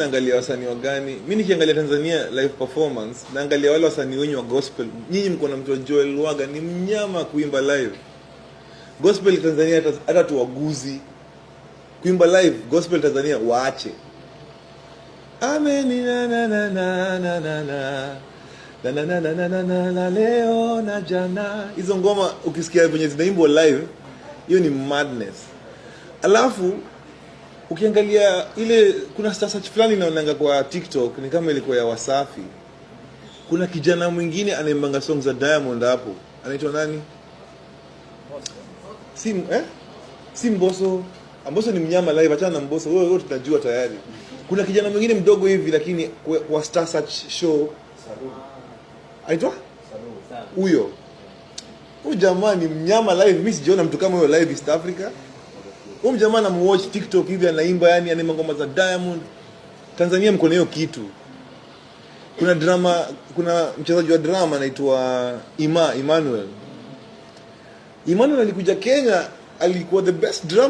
naangalia wasanii wa gani mi nikiangalia tanzania live performance naangalia wale wasanii wenye wa gospel nyinyi mko na mtu wa joel waga ni mnyama kuimba live gospel tanzania hata tuwaguzi kuimba live gospel tanzania waache ameni na na na na na na na na na na na na na na na leo na jana hizo ngoma ukisikia venye zinaimbwa live hiyo ni madness alafu ukiangalia ile, kuna search fulani inaonanga kwa TikTok ni kama ilikuwa ya Wasafi. Kuna kijana mwingine anaimbanga songs za Diamond hapo, anaitwa nani? Sim eh? Si Mboso. Mboso ni mnyama live, achana na Mboso. Wewe wote tunajua tayari. Kuna kijana mwingine mdogo hivi lakini kwa Star Search show. Aitwa? Huyo. Huyo jamani mnyama live. Mimi sijaona mtu kama huyo live East Africa. Huyu jamaa namuwatch TikTok hivi anaimba, yani ana ngoma za Diamond. Tanzania mko na hiyo kitu. Kuna drama, kuna mchezaji wa drama anaitwa Ima Emmanuel. Emmanuel alikuja Kenya, alikuwa the best drama